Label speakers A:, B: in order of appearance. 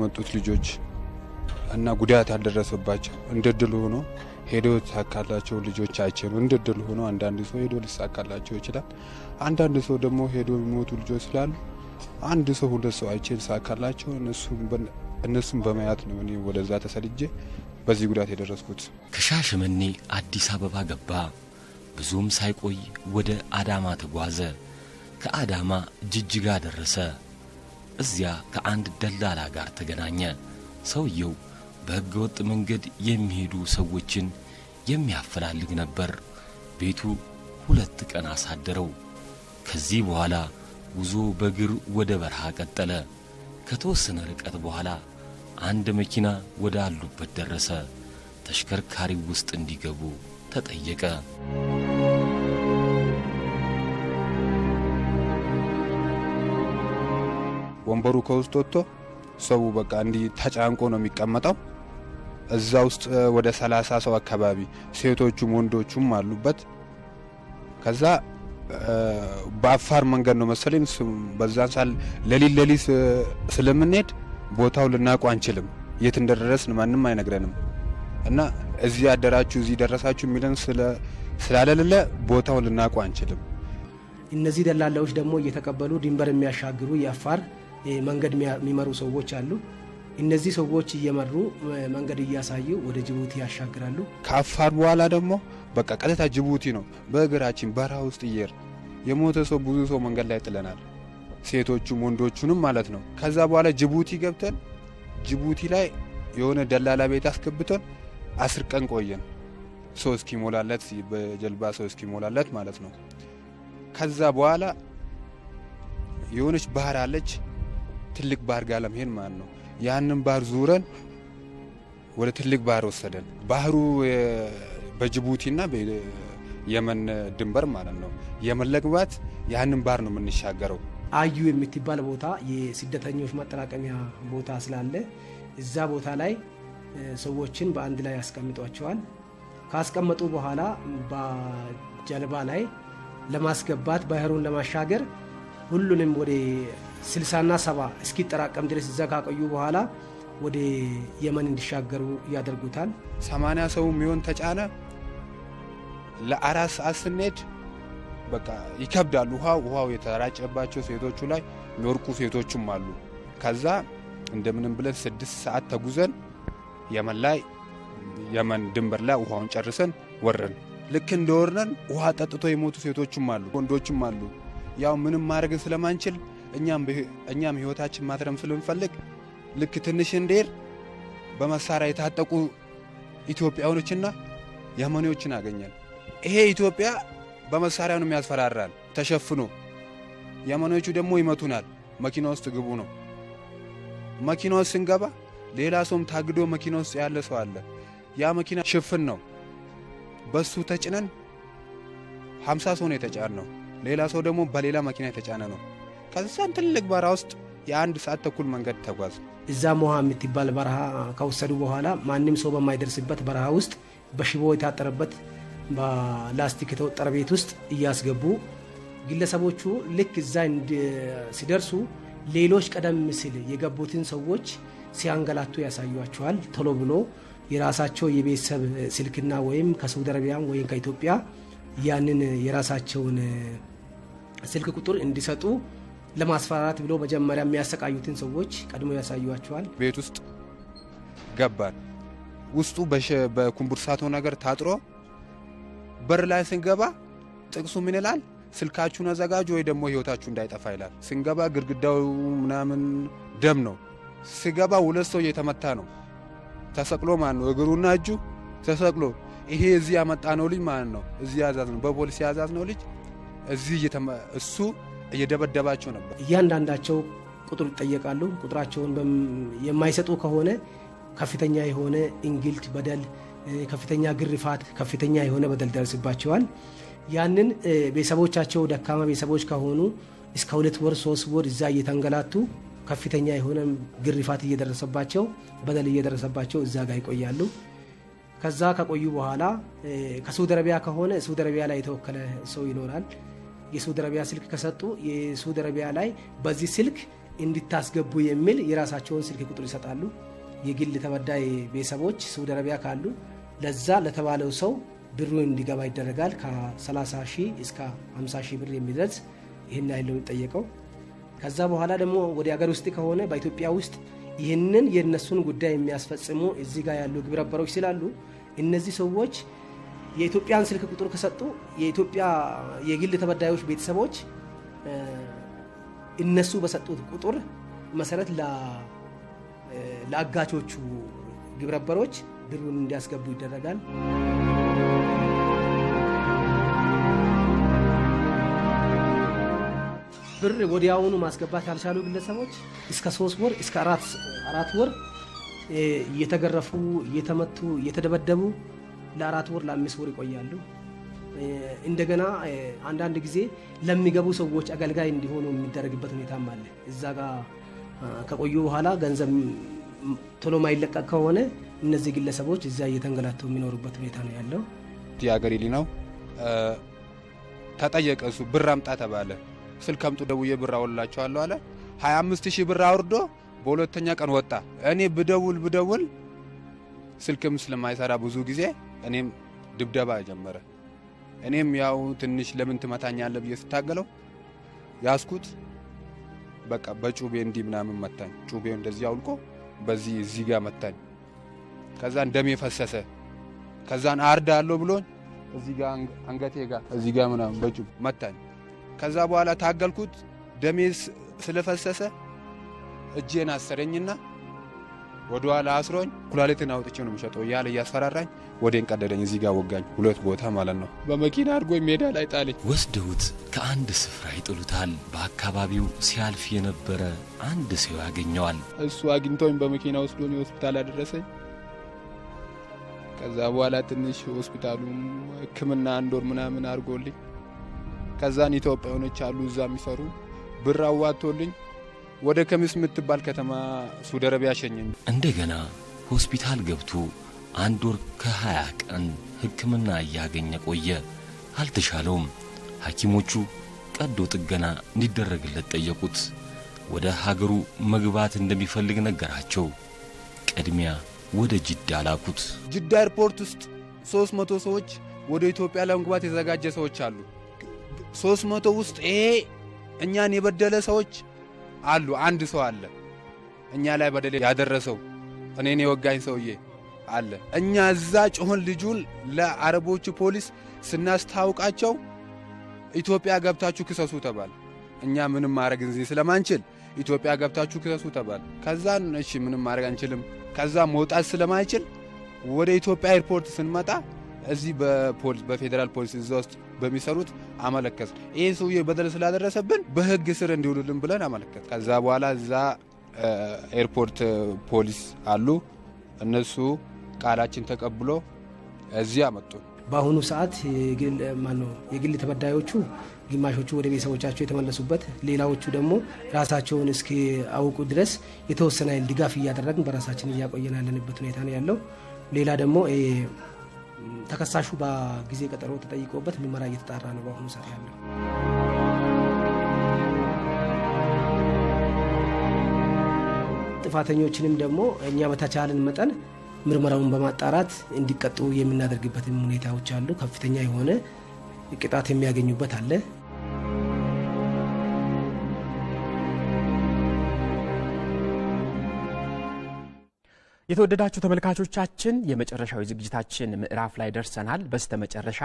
A: የመጡት ልጆች እና ጉዳት ያልደረሰባቸው እንደ ሆኖ ሄዶ የተሳካላቸው ልጆች አይችሉ እንደ ሆኖ አንዳንድ ሰው ሄዶ ሊሳካላቸው ይችላል። አንዳንድ ሰው ደግሞ ሄዶ የሚሞቱ ልጆች ስላሉ አንድ ሰው ሁለት ሰው አይቼ ሊሳካላቸው
B: እነሱም በማየት ነው እኔ ወደዛ ተሰልጄ በዚህ ጉዳት የደረስኩት። ከሻሸመኔ አዲስ አበባ ገባ። ብዙም ሳይቆይ ወደ አዳማ ተጓዘ። ከአዳማ ጅጅጋ ደረሰ። እዚያ ከአንድ ደላላ ጋር ተገናኘ። ሰውየው በሕገ ወጥ መንገድ የሚሄዱ ሰዎችን የሚያፈላልግ ነበር። ቤቱ ሁለት ቀን አሳደረው። ከዚህ በኋላ ጉዞ በእግር ወደ በረሃ ቀጠለ። ከተወሰነ ርቀት በኋላ አንድ መኪና ወደ አሉበት ደረሰ። ተሽከርካሪው ውስጥ እንዲገቡ ተጠየቀ።
A: ወንበሩ ከውስጥ ወጥቶ ሰው በቃ እንዲ ተጫንቆ ነው የሚቀመጠው። እዛ ውስጥ ወደ ሰላሳ ሰው አካባቢ ሴቶቹም ወንዶቹም አሉበት። ከዛ በአፋር መንገድ ነው መሰለኝ በዛን ሳል ለሊት ለሊት ስለምንሄድ ቦታው ልናውቁ አንችልም። የት እንደደረስን ማንም አይነግረንም እና እዚህ ያደራችሁ እዚህ ደረሳችሁ የሚለን ስላለሌለ ቦታውን ልናውቁ አንችልም።
C: እነዚህ ደላላዎች ደግሞ እየተቀበሉ ድንበር የሚያሻግሩ የአፋር መንገድ የሚመሩ ሰዎች አሉ። እነዚህ ሰዎች እየመሩ መንገድ እያሳዩ ወደ ጅቡቲ ያሻግራሉ።
A: ከአፋር በኋላ ደግሞ በቃ ቀጥታ ጅቡቲ ነው። በእግራችን በረሃ ውስጥ እየር የሞተ ሰው ብዙ ሰው መንገድ ላይ ጥለናል። ሴቶቹም ወንዶቹንም ማለት ነው። ከዛ በኋላ ጅቡቲ ገብተን ጅቡቲ ላይ የሆነ ደላላ ቤት አስገብተን አስር ቀን ቆየን። ሰው እስኪሞላለት በጀልባ ሰው እስኪሞላለት ማለት ነው። ከዛ በኋላ የሆነች ባህር አለች ትልቅ ባህር ጋር ለመሄድ ማለት ነው። ያንን ባህር ዙረን ወደ ትልቅ ባህር ወሰደን። ባህሩ በጅቡቲና የመን ድንበር ማለት ነው። የመን ለግባት ያንን ባህር ነው የምንሻገረው።
C: አዩ የምትባል ቦታ የስደተኞች ማጠራቀሚያ ቦታ ስላለ እዛ ቦታ ላይ ሰዎችን በአንድ ላይ ያስቀምጧቸዋል። ካስቀመጡ በኋላ በጀልባ ላይ ለማስገባት ባህሩን ለማሻገር ሁሉንም ወደ ስልሳና ሰባ እስኪጠራቀም ድረስ እዛ ካቆዩ በኋላ ወደ የመን እንዲሻገሩ ያደርጉታል።
A: ሰማንያ ሰው የሚሆን ተጫነ። ለአራት ሰዓት ስንሄድ በቃ ይከብዳል። ውሃ ውሃው የተራጨባቸው ሴቶቹ ላይ የሚወርቁ ሴቶቹም አሉ። ከዛ እንደምንም ብለን ስድስት ሰዓት ተጉዘን የመን ላይ የመን ድንበር ላይ ውሃውን ጨርሰን ወረን። ልክ እንደወርነን ውሃ ጠጥቶ የሞቱ ሴቶችም አሉ፣ ወንዶችም አሉ። ያው ምንም ማድረግ ስለማንችል እኛም ህይወታችን ማትረም ስለምንፈልግ ልክ ትንሽ እንዴር በመሳሪያ የታጠቁ ኢትዮጵያውኖችና የመኔዎችን አገኘን። ይሄ ኢትዮጵያ በመሳሪያ ነው የሚያስፈራራል፣ ተሸፍኖ የመኔዎቹ ደግሞ ይመቱናል። መኪና ውስጥ ግቡ ነው። መኪና ውስጥ ስንገባ ሌላ ሰውም ታግዶ መኪና ውስጥ ያለ ሰው አለ። ያ መኪና ሽፍን ነው። በሱ ተጭነን ሀምሳ ሰው ነው የተጫነው። ሌላ ሰው ደግሞ በሌላ መኪና የተጫነ ነው። ከዛን ትልቅ በረሃ ውስጥ የአንድ ሰዓት ተኩል መንገድ ተጓዝ።
C: እዛ ውሃ የምትባል በረሃ ከወሰዱ በኋላ ማንም ሰው በማይደርስበት በረሃ ውስጥ በሽቦ የታጠረበት በላስቲክ የተወጠረ ቤት ውስጥ እያስገቡ ግለሰቦቹ ልክ እዛ ሲደርሱ ሌሎች ቀደም ሲል የገቡትን ሰዎች ሲያንገላቱ ያሳዩቸዋል። ቶሎ ብሎ የራሳቸው የቤተሰብ ስልክና ወይም ከሳውዲ አረቢያ ወይም ከኢትዮጵያ ያንን የራሳቸውን ስልክ ቁጥር እንዲሰጡ ለማስፈራራት ብሎ መጀመሪያ የሚያሰቃዩትን ሰዎች ቀድሞ ያሳዩቸዋል። ቤት ውስጥ ገባን። ውስጡ በኩምቡርሳቶ ነገር ታጥሮ በር ላይ ስንገባ ጥቅሱ ምን ይላል? ስልካችሁን አዘጋጁ ወይ ደግሞ ህይወታችሁ እንዳይጠፋ ይላል። ስንገባ ግድግዳው ምናምን ደም ነው። ስገባ ሁለት ሰው እየተመታ ነው ተሰቅሎ ማለት ነው። እግሩና እጁ ተሰቅሎ ይሄ እዚህ ያመጣ ነው ልጅ ማለት ነው። እዚህ ያዛዝ ነው፣ በፖሊስ ያዛዝ ነው ልጅ እዚህ እሱ እየደበደባቸው ነበር። እያንዳንዳቸው ቁጥር ይጠየቃሉ። ቁጥራቸውን የማይሰጡ ከሆነ ከፍተኛ የሆነ እንግልት፣ በደል፣ ከፍተኛ ግርፋት፣ ከፍተኛ የሆነ በደል ደርስባቸዋል። ያንን ቤተሰቦቻቸው ደካማ ቤተሰቦች ከሆኑ እስከ ሁለት ወር ሶስት ወር እዛ እየተንገላቱ ከፍተኛ የሆነ ግርፋት እየደረሰባቸው በደል እየደረሰባቸው እዛ ጋር ይቆያሉ። ከዛ ከቆዩ በኋላ ከሳውዲ አረቢያ ከሆነ ሳውዲ አረቢያ ላይ የተወከለ ሰው ይኖራል። የሳውዲ አረቢያ ስልክ ከሰጡ የሳውዲ አረቢያ ላይ በዚህ ስልክ እንድታስገቡ የሚል የራሳቸውን ስልክ ቁጥር ይሰጣሉ። የግል ተበዳይ ቤተሰቦች ሳውዲ አረቢያ ካሉ ለዛ ለተባለው ሰው ብሩ እንዲገባ ይደረጋል። ከ30 ሺህ እስከ 50 ሺህ ብር የሚደርስ ይህን ያለው የሚጠየቀው። ከዛ በኋላ ደግሞ ወደ ሀገር ውስጥ ከሆነ በኢትዮጵያ ውስጥ ይህንን የእነሱን ጉዳይ የሚያስፈጽሙ እዚህ ጋር ያሉ ግብረ አበሮች ስላሉ እነዚህ ሰዎች የኢትዮጵያን ስልክ ቁጥር ከሰጡ የኢትዮጵያ የግል ተበዳዮች ቤተሰቦች እነሱ በሰጡት ቁጥር መሰረት ለአጋቾቹ ግብረበሮች ብሩን እንዲያስገቡ ይደረጋል። ብር ወዲያውኑ ማስገባት ያልቻሉ ግለሰቦች እስከ ሶስት ወር እስከ አራት ወር እየተገረፉ እየተመቱ እየተደበደቡ ለአራት ወር ለአምስት ወር ይቆያሉ። እንደገና አንዳንድ ጊዜ ለሚገቡ ሰዎች አገልጋይ እንዲሆኑ የሚደረግበት ሁኔታም አለ። እዛ ጋር ከቆዩ በኋላ ገንዘብ ቶሎ ማይለቀቅ ከሆነ እነዚህ ግለሰቦች እዛ እየተንገላተው የሚኖሩበት ሁኔታ ነው ያለው።
A: የአገሬ ነው ተጠየቀ። እሱ ብር አምጣ ተባለ። ስልክ አምጡ ደውዬ ብር አወላቸዋለሁ አለ። 25 ሺህ ብር አውርዶ በሁለተኛ ቀን ወጣ። እኔ ብደውል ብደውል ስልክም ስለማይሰራ ብዙ ጊዜ እኔም ድብደባ ጀመረ። እኔም ያው ትንሽ ለምን ትመታኛለህ ብዬ ስታገለው ያስኩት በቃ በጩቤ እንዲህ ምናምን መታኝ። ጩቤው እንደዚህ አውልቆ በዚህ እዚህ ጋር መታኝ። ከዛን ደሜ ፈሰሰ። ከዛን አርዳ አለው ብሎኝ እዚህ ጋር አንገቴ ጋር እዚህ ጋር ምናምን በጩቤ መታኝ። ከዛ በኋላ ታገልኩት። ደሜ ስለፈሰሰ እጄን አሰረኝና ወደ ኋላ አስሮኝ ኩላሊትን አውጥቼ ነው የሚሸጠው እያለ እያስፈራራኝ ወዴን ቀደደኝ። እዚህ ጋር ወጋኝ፣ ሁለት ቦታ ማለት ነው።
C: በመኪና አድርጎኝ ሜዳ ላይ ጣለኝ።
B: ወስደውት ከአንድ ስፍራ ይጥሉታል። በአካባቢው ሲያልፍ የነበረ አንድ ሰው ያገኘዋል።
A: እሱ አግኝቶኝ በመኪና ወስዶኝ ሆስፒታል አደረሰኝ። ከዛ በኋላ ትንሽ ሆስፒታሉም ሕክምና አንድ ወር ምናምን አድርጎልኝ ከዛን ኢትዮጵያ ሆኖች አሉ እዛ የሚሰሩ ብር አዋቶልኝ ወደ ከሚስ የምትባል ከተማ ሳውዲ አረቢያ
B: እንደገና ሆስፒታል ገብቶ አንድ ወር ከሀያ ቀን ሕክምና እያገኘ ቆየ። አልተሻለውም። ሐኪሞቹ ቀዶ ጥገና እንዲደረግለት ጠየቁት። ወደ ሀገሩ መግባት እንደሚፈልግ ነገራቸው። ቅድሚያ ወደ ጅዳ ላኩት።
A: ጅዳ ኤርፖርት ውስጥ ሶስት መቶ ሰዎች ወደ ኢትዮጵያ ለመግባት የተዘጋጀ ሰዎች አሉ። ሶስት መቶ ውስጥ ይሄ እኛን የበደለ ሰዎች አሉ። አንድ ሰው አለ እኛ ላይ በደል ያደረሰው እኔን የወጋኝ ሰውዬ አለ። እኛ እዛ ጮሆን ልጁን ለአረቦቹ ፖሊስ ስናስታውቃቸው ኢትዮጵያ ገብታችሁ ክሰሱ ተባል። እኛ ምንም ማድረግ እንዚ ስለማንችል ኢትዮጵያ ገብታችሁ ክሰሱ ተባል። ከዛ እሺ ምንም ማድረግ አንችልም። ከዛ መውጣት ስለማይችል ወደ ኢትዮጵያ ኤርፖርት ስንመጣ እዚህ በፌዴራል ፖሊስ እዛ ውስጥ በሚሰሩት አመለከት። ይህ ሰውዬ በደል ስላደረሰብን በህግ ስር እንዲውሉልን ብለን አመለከት። ከዛ በኋላ እዛ ኤርፖርት ፖሊስ አሉ። እነሱ ቃላችን ተቀብሎ እዚህ አመጡ።
C: በአሁኑ ሰዓት የግል ተበዳዮቹ ግማሾቹ ወደ ቤተሰቦቻቸው የተመለሱበት፣ ሌላዎቹ ደግሞ ራሳቸውን እስኪ አውቁ ድረስ የተወሰነ ድጋፍ እያደረግን በራሳችን እያቆየን ያለንበት ሁኔታ ነው ያለው። ሌላ ደግሞ ተከሳሹ በጊዜ ቀጠሮ ተጠይቆበት ምርመራ እየተጣራ ነው በአሁኑ ሰዓት ያለው። ጥፋተኞችንም ደግሞ እኛ በተቻለን መጠን ምርመራውን በማጣራት እንዲቀጡ የምናደርግበትም ሁኔታዎች አሉ። ከፍተኛ የሆነ ቅጣት የሚያገኙበት አለ። የተወደዳችሁ ተመልካቾቻችን የመጨረሻዊ ዝግጅታችን ምዕራፍ ላይ ደርሰናል። በስተ መጨረሻ